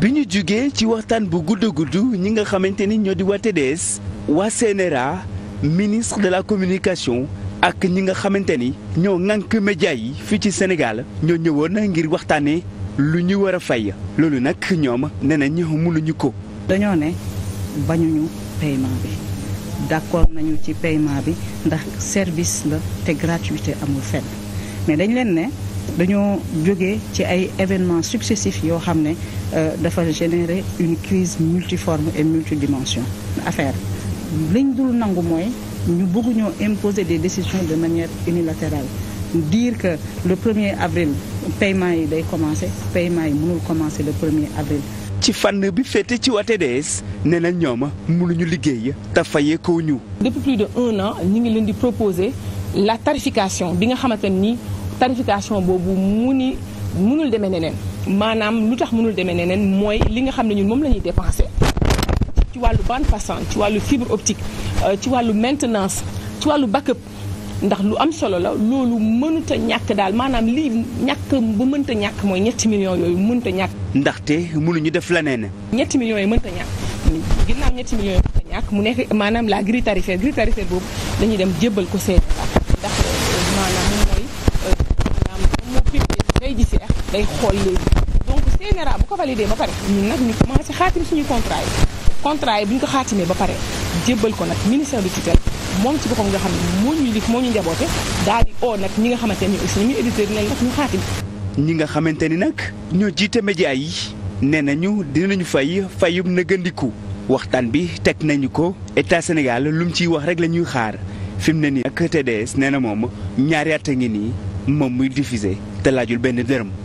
bi ñu jugee ci waxtaan bu gudd gudd ñi nga xamante ni ñoo di waa TDS waa CNRA ministre de la communication ak ñi nga xamante ni ñoo ŋànk média yi fii ci Sénégal ñoo ñëwoon na ngir waxtaanee lu ñu war a fay loolu nag ñoom nee nañ mënuñu ko. dañoo ne bañuñu paiement bi d'accord nañu ci paiement bi ndax service la te gratuité amul fenn mais dañ leen ne. dañoo jógee ci ay événements successifs yoo xam ne euh, dafa générer une crise multiforme et multidimension affaire liñ dul nangu mooy ñu bëgg ñoo imposer des décisions de manière unilatérale diir que le premier avril paiement yi day commencer paiement yi mënul commencer le premier avril ci fànn bi féete ci waa des nee na ñoom mënuñu liggéey te fayee ko ñu depuis plus de un an ñu ngi leen di proposer la tarification bi nga xamante ni tarification boobu mu ni mënul demee neneen maanaam lu tax mënul demee neneen mooy li nga xam ne ñun moom la ñuy dépensé ci wàllu bande passante ci wàllu fibre optique euh, ci wàllu maintenance ci wàllu backup ndax lu am solo la loolu mënuta ñàkk daal maanaam lii ñàkk bu mënta ñàkk mooy ñetti millions yooyu mënta ñàkk. ndaxte mënuñu def leneen. ñetti millions yi mënta ñàkk ginnaaw ñetti millions yi mënta ñàkk mu nekk maanaam la grille tarifaire grille tarifaire boobu dañuy dem jébbal ko seen koy gisee day xool léegi donc CNRA bu ko validé ba pare ñun nag ñu commencé xaatim suñu contrat yi contrat yi bu ñu ko xaatimee ba pare jébbal ko nag ministère du tutelle moom ci boppam nga xam ne moo ñu lif moo ñu njaboote daal di oo nag ñi nga xamante ni aussi ñu éditeur nag ñu ñi nga xamante ni nag ñoo jiite média yi nee nañu dinañu fay fayum na gëndiku waxtaan bi teg nañu ko état Sénégal lu mu ciy wax rek la ñuy xaar fi mu ne nii ak TDS nee na moom ñaari at a ngi nii moom muy diffuser te laajul benn dërëm.